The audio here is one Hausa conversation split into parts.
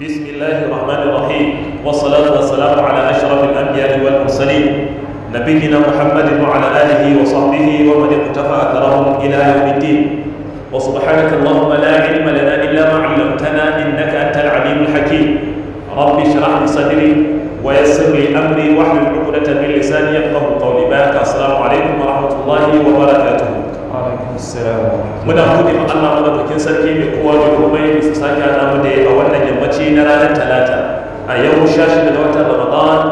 بسم الله الرحمن الرحيم والصلاة والسلام على أشرف الأنبياء والمرسلين نبينا محمد وعلى آله وصحبه ومن اقتفى أثرهم إلى يوم الدين وسبحانك اللهم لا علم لنا إلا ما علمتنا إنك أنت العليم الحكيم رب اشرح لي صدري ويسر لي أمري واحلل عقدة من لساني يفقه قولي بارك السلام عليكم ورحمة الله muna gode ma Allah madaukakin sarki mai kowa mai komai su sake hada mu da a wannan yammaci na ranar talata a yau shashi da ga watan ramadan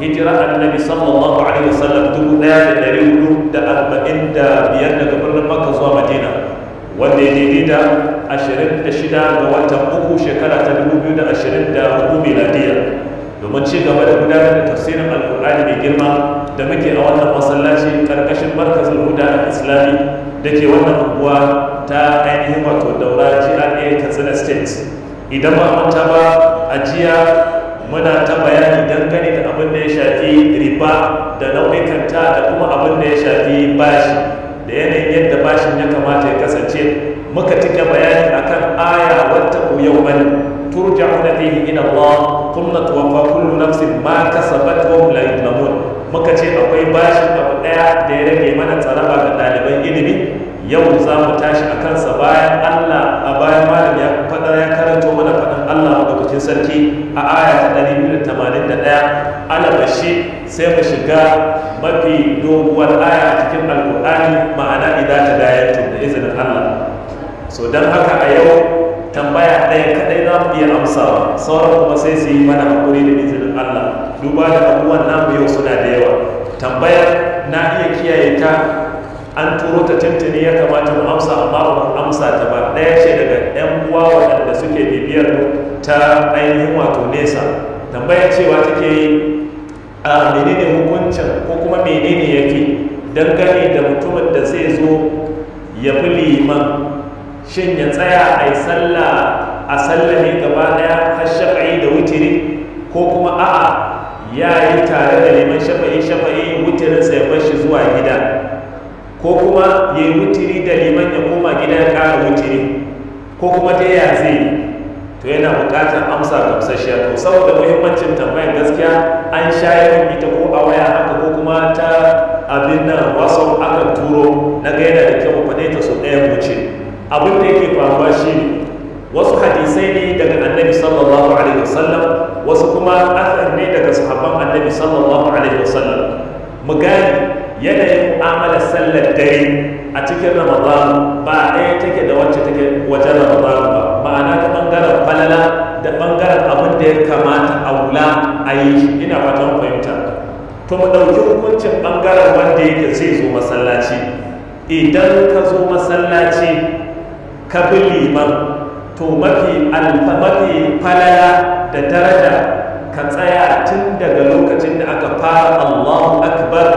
hijira annabi sallallahu alaihi wasallam dubu daya da dari hudu da arba'in da biyar daga birnin makka zuwa madina wanda ya daidai da ashirin da shida ga watan uku shekara ta dubu biyu da ashirin da hudu miladiya domin ci gaba da gudanar da tafsirin alkur'ani mai girma da muke a wannan masallaci karkashin markazin huda islami da ke wannan unguwa ta ainihin wato daura gra katsina state idan ba manta ba a jiya muna ta bayani dangane da abin da ya shafi riba da nau'ikanta da kuma abin da ya shafi bashi da yanayin yadda bashin ya kamata ya kasance muka cike bayani akan aya wata ku da ta yi fihi ila Allah thumma tuwaffa kullu nafsin ma kasabat wa hum la yuzlamun muka ce akwai bashin abu daya da ya rage mana tsaraba ga ɗaliban ilimi yau za mu tashi a kansa bayan allah a bayan malam ya faɗa ya karanto mana faɗin allah a maɗaukakin sarki a aya ta ɗari biyu da tamanin da ɗaya sai mu shiga mafi doguwar aya a cikin alƙur'ani ma'ana idan ta dayantu da izinin allah so don haka a yau tambaya ɗaya kaɗai za mu iya amsawa sauran kuma sai su yi mana haƙuri da izinin Allah duba da abubuwan namu yau suna da yawa tambayar na iya kiyaye ta an turo ta tuntuni ya kamata mu amsa amma ba amsa ta ba daya ce daga yan uwa waɗanda suke bibiyar ta ainihin wato nesa tambayar cewa take yi a menene hukuncin ko kuma menene yake dangane da mutumin da zai zo ya fi liman shin ya tsaya a yi sallah a sallame gaba daya har shafa'i da wutiri ko kuma a'a ya yi tare da neman shafa'i shafa'i wutirin sai ya bar shi zuwa gida ko kuma ya yi mutiri da liman ya koma gida ya ƙara mutiri ko kuma ta ya zai to yana bukatar amsa gamsasshiya to saboda muhimmancin tambayar gaskiya an shayar ita ko a waya haka ko kuma ta abin nan wasu akan turo na ga yana da kyau faɗe ta su ɗaya wuce abin da yake faruwa shi wasu hadisai ne daga annabi sallallahu alaihi wasallam wasu kuma athar ne daga sahabban annabi sallallahu alaihi wasallam mu gane yanayin mu'amalar sallar dare a cikin ramadan ba ɗaya take da wacce take wajen ramadan ba ma'ana ta bangaren falala da bangaren abin da ya kamata a wula a yi ina fatan fahimta to mu ɗauki hukuncin bangaren wanda yake zai zo masallaci idan ka zo masallaci ka bi liman to mafi alfabati falaya da daraja ka tsaya tun daga lokacin da aka fara Allahu akbar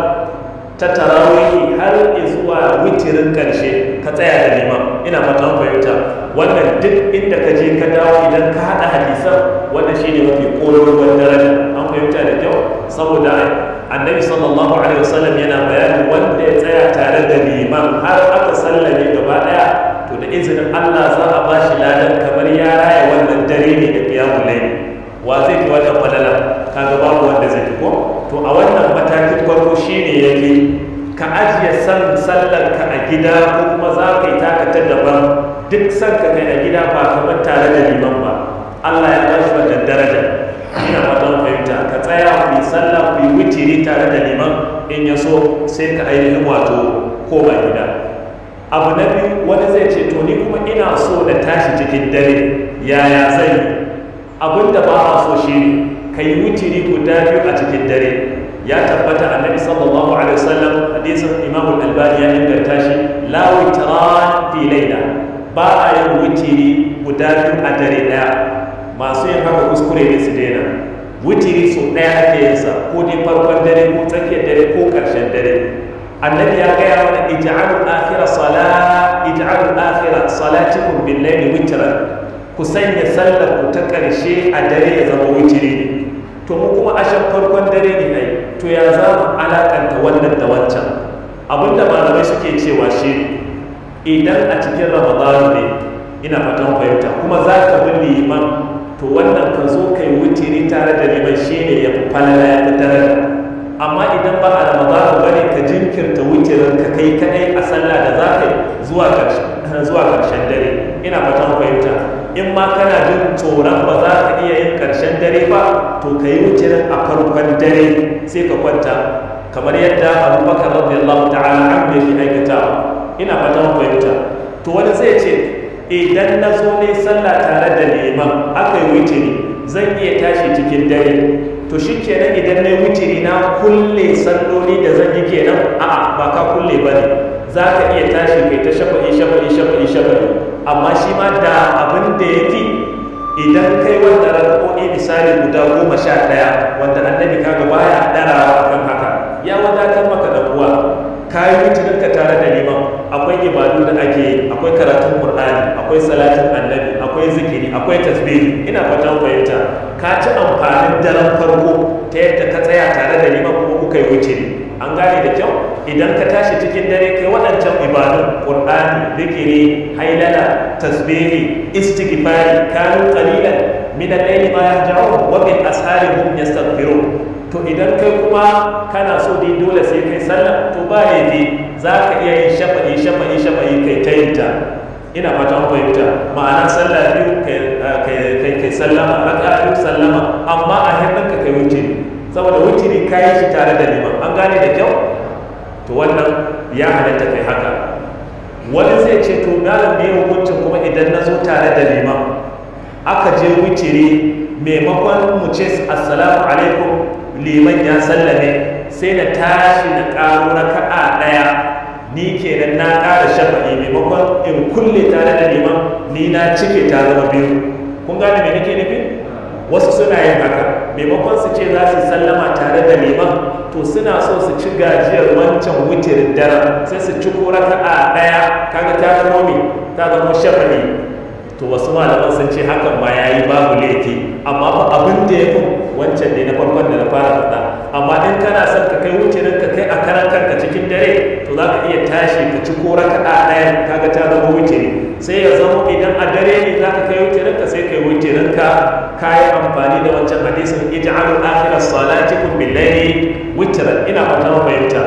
ta tarawihi har zuwa witirin karshe ka tsaya da nema ina fatan fahimta wannan duk inda ka je ka dawo idan ka haɗa hadisan wannan shine mafi kololuwar daraja an fahimta da kyau saboda annabi sallallahu alaihi wasallam yana bayani wanda ya tsaya tare da liman har aka sallame gaba ɗaya da izinin Allah za a ba shi ladan kamar ya raya wannan dare ne da kiyamun laili wa zai fi wata falala kaga babu wanda zai fi ko to a wannan matakin farko shine yake ka ajiye san sallar ka a gida ko kuma za ka yi takatar daban duk san ka kai a gida ba kamar tare da liman ba Allah ya ba shi wannan daraja ina fatan fahimta ka tsaya ku yi sallah ku yi tare da liman in ya so sai ka ainihin wato ko koma gida abu na biyu wani zai ce to ni kuma ina so na tashi cikin dare yaya zai abin da ba a so shi ka yi wutiri guda biyu a cikin dare ya tabbata annabi sallallahu alaihi wasallam hadisin imam al-albani ya inganta shi la witra fi laila ba a yin wutiri guda biyu a dare daya masu yin haka kuskure ne su daina wutiri sau daya ake sa ko dai farkon dare ko tsakiyar dare ko karshen dare annabi ya gaya mana ij'alu akhira sala ij'alu akhira salatikum bil layli witran ku sanya sallar ku ta karshe a dare ya zama witri ne to mu kuma shan farkon dare ne ai to ya za mu alakanta wannan da wancan abinda malamai suke cewa shi idan a cikin ramadan ne ina fatan fahimta kuma za ka bi liman to wannan ka zo kai witri tare da liman shi ne ya fi falala ya fi amma idan ba a ramadan ba ne ta wuce ka kai kadai a sallah da za ka zuwa zuwa karshen dare ina fatan fahimta in ma kana jin tsoron ba za ka iya yin karshen dare ba to ka yi wucirin a farkon dare sai ka kwanta kamar yadda abubakar radiyallahu ta'ala an bai shi aikata ina fatan fahimta to wani zai ce idan na zo ne sallah tare da neman aka yi ne, zan iya tashi cikin dare to shi kenan idan na wutiri na kulle sandoni da zan yi kenan a'a ba ka kulle ba ne za ka iya tashi kai ta shafari shafari shafari shafa'i amma shi ma da abin da ya fi idan kai wanda ne misali guda goma sha ɗaya wanda annabi kaga baya ɗarawa akan haka ya wadatar maka da kuwa. ka yi ka tare da liman akwai ibadu da ake akwai karatun qur'ani akwai salatin akwai zikiri akwai tasbihi ina fatan fahimta ka ci amfanin daren farko ta yadda ka tsaya tare da liman kuma kuka yi wuce an gane da kyau idan ka tashi cikin dare kai waɗancan ibadun qur'ani zikiri hailala tasbihi istighfari kanu qalilan min al-layli ma yahjaru wa min yastaghfirun to idan kai kuma kana so dai dole sai kai sallah to ba ne za ka iya yin shafa'i shafa'i shafa'i kai ta yin ta ina fata ko fahimta ma'ana sallah biyu ah, kai kai sallama raka'a duk sallama amma a hannun ka kai wuce saboda wuce ne kai shi tare da liman an gane da kyau to wannan ya halatta kai haka wani zai ce to galan me hukuncin kuma idan na zo tare da liman aka je ne, maimakon mu ce assalamu alaikum liman ya sallame sai na tashi na karo raka'a ɗaya ni kenan na ƙara shafa'i maimakon in kulle tare da liman ni na cike ta zama biyu kun gane me nake nufi wasu suna yin haka maimakon su ce za su sallama tare da liman to suna so su ci gajiyar wancan wutar dara sai su ci ko a ɗaya kaga ta zama mai ta zama shafa'i to wasu malaman sun ce hakan ma yi babu laifi amma fa abin da ya fi wancan ne na farkon da na fara faɗa amma in kana son ka kai wutar ka tashi ka ci ko raka'a ɗaya kaga ta zama wutiri sai ya zama idan a dare ne za ka kai wutirin ka sai kai wutirin ka kayi amfani da wancan hadisin ɗafira akhira kun bil wuce witran ina fata fahimta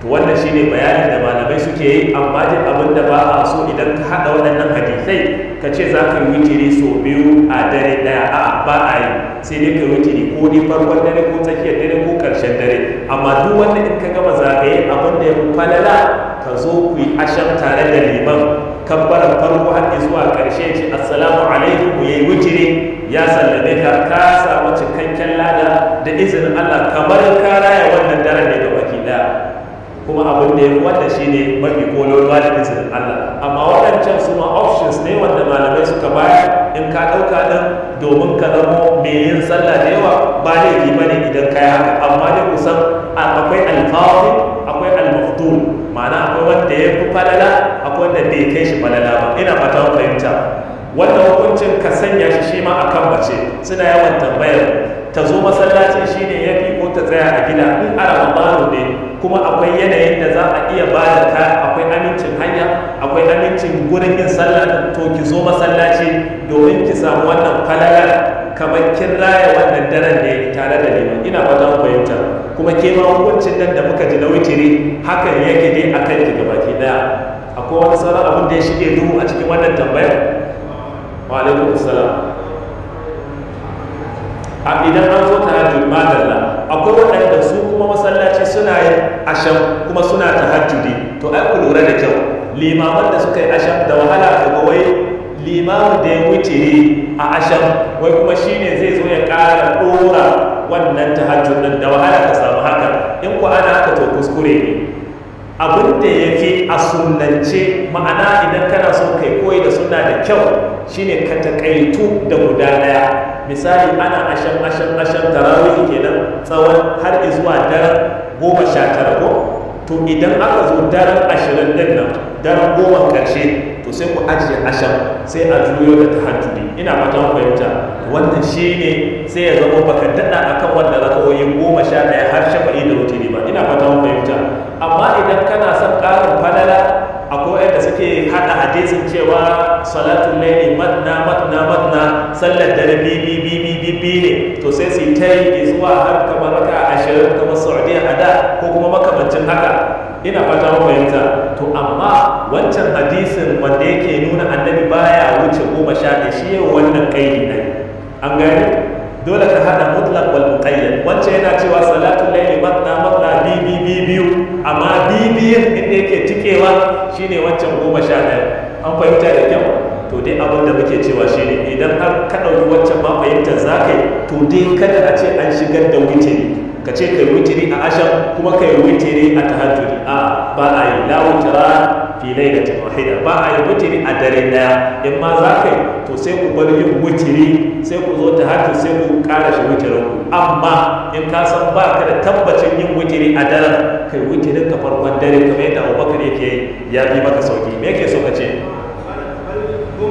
to wannan shine bayanin da malamai suke yi amma duk abin da ba a so idan ka haɗa waɗannan hadisai ka ce za ka yi wutiri so biyu a dare ɗaya a ba a yi sai dai ka wutiri ko ni farkon dare ko tsakiyar dare ko ƙarshen dare amma duk wanda in ka gama zagaye abin da ya falala ka zo ku yi ashar tare da liman kabbalar farko har zuwa ƙarshe ce assalamu alaikum yayi wutiri ya sallame ka ka samu cikakken lada da izinin Allah kamar ka raya wannan daren ne gaba ki kuma abin da ya wanda shine mafi kololuwa da izinin Allah amma waɗancan su ma options ne wanda malamai suka bayar in ka ɗauka ɗin domin ka zama mai yin sallah da yawa ba ne ne idan ka yi haka amma dai kusan akwai alfawarin akwai almaftun ma'ana akwai wanda ya fi falala akwai wanda bai kai shi falala ba ina fata fahimta wanda hukuncin ka sanya shi shi ma kan mace suna yawan tambayar ta zo masallaci shi ne ya fi ko ta tsaya a gida in ana mabaro ne kuma akwai yanayin da za a iya ba da ta akwai amincin hanya akwai amincin gurin yin sallah to ki zo masallaci domin ki samu wannan falala kamar kin raya wannan daren ne tare da liman ina fata fahimta kuma ke ma hukuncin nan da muka ji na witiri hakan yake dai a kan daga baki daya akwai wani sauran abin da ya shige duhu a cikin wannan tambayar wa alaikum salam a idan an zo da madalla akwai waɗanda su kuma masallaci suna yin asham kuma suna tahajjudi to ai ku lura da kyau limaman da suka yi asham da wahala da wai limar da ya wuce a ashar wai kuma shine zai zo ya kara ɗora wannan tahajjud ɗin da wahala ka samu haka in ku ana haka to kuskure ne abin da ya fi a sunance ma'ana idan kana son kai koyi da suna da kyau shine ka da guda daya misali ana ashan ashan ashan tarawih kenan tsawon har zuwa daren goma sha tara ko to idan aka zo daren ashirin din nan daren goma ƙarshe sai ku ajiye ashar sai a juyo da tahajjudi ina fatan fahimta wannan shine sai ya zama baka dada akan wanda rakawoyi goma sha daya har shafa'i da rutini ba ina fatan fahimta amma idan kana son karin falala akwai wanda suke hada hadisin cewa salatun laili matna matna matna sallar da bi bi bi bi ne to sai su yi ta yi zuwa har kamar raka ashirin kamar saudiya a da ko kuma makamancin haka ina fata mu fahimta to amma wancan hadisin wanda yake nuna annabi baya wuce goma sha ɗaya shi ne wannan kai ne an gani dole ka hada mutlaq wal muqayyad wancan yana cewa salatu layli matna matna bi bi bi biyu amma bi din da yake tikewa shine wancan goma sha ɗaya an fahimta da kyau to dai abin da muke cewa shi idan har ka ɗauki wancan ma fahimta za to dai kada a ce an shigar da ne ka ce kai witiri a ashar kuma kai witiri a tahajjudi a ba a yi la witira fi lailatin wahida ba a yi witiri a dare daya in ma za ka yi to sai ku bar yin witiri sai ku zo ta tahajjud sai ku kara shi witirin ku amma in ka san ba ka da tabbacin yin witiri a daren kai witirin ka farkon dare kamar yadda Abubakar yake ya bi maka sauki me yake so ka ce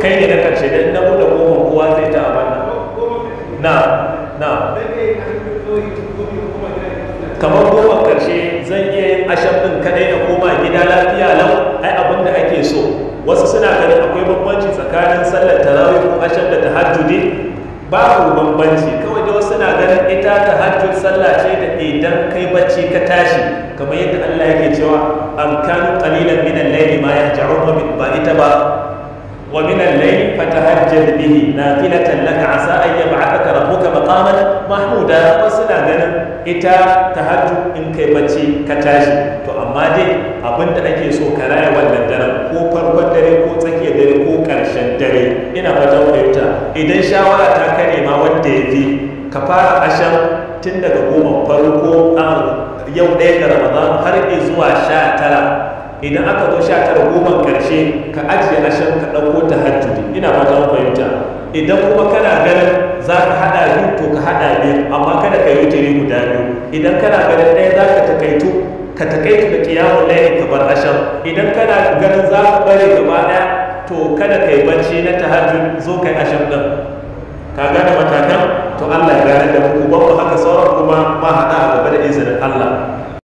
kai ne na karshe da na bude goma kowa zai ta abana na na kamar goma karshe zan iya yin ashar ɗin kaɗai na koma gida lafiya lau ai abin da ake so wasu suna ganin akwai bambanci tsakanin sallar tarawih ko ashar da tahajjudi babu bambanci kawai da wasu suna ganin ita ta sallah ce da idan kai bacci ka tashi kamar yadda Allah yake cewa am kanu qalilan min al-layli ma yahja'un ba ita ba Ƙwaminar laifata har jar bihi na fi na tallaka a sa a yi ya ba a ka karɓo ka ba ƙamana. Mahanuda ita ta hattu in kaiface ka tashi. To amma dai abinda a ke so ka raya wannan daren, ko farkon dare ko tsakiyar dare ko ƙarshen dare, ina fatan ƙweta. Idan shawara ta ka nema wanda ya fi ka fara ashen tun daga goma farko ko aro. Yau ɗaya ta rabuwa har zuwa sha tara. idan aka zo sha tara goman karshe ka ajiye shan ka ɗauko ta hajjudi ina fata mun fahimta idan kuma kana ganin za ka haɗa biyu to ka haɗa biyu amma kada ka yi tiri guda biyu idan kana ganin ɗaya za ka takaitu ka takaitu da kiyamun layi ka bar shan. idan kana ganin za ka bare gaba ɗaya to kada ka yi bacci na tahajjud zo ka yi shan ɗin ka gane matakan to Allah ya gane da ku ba haka sauran kuma ma haɗa a gaba da izinin Allah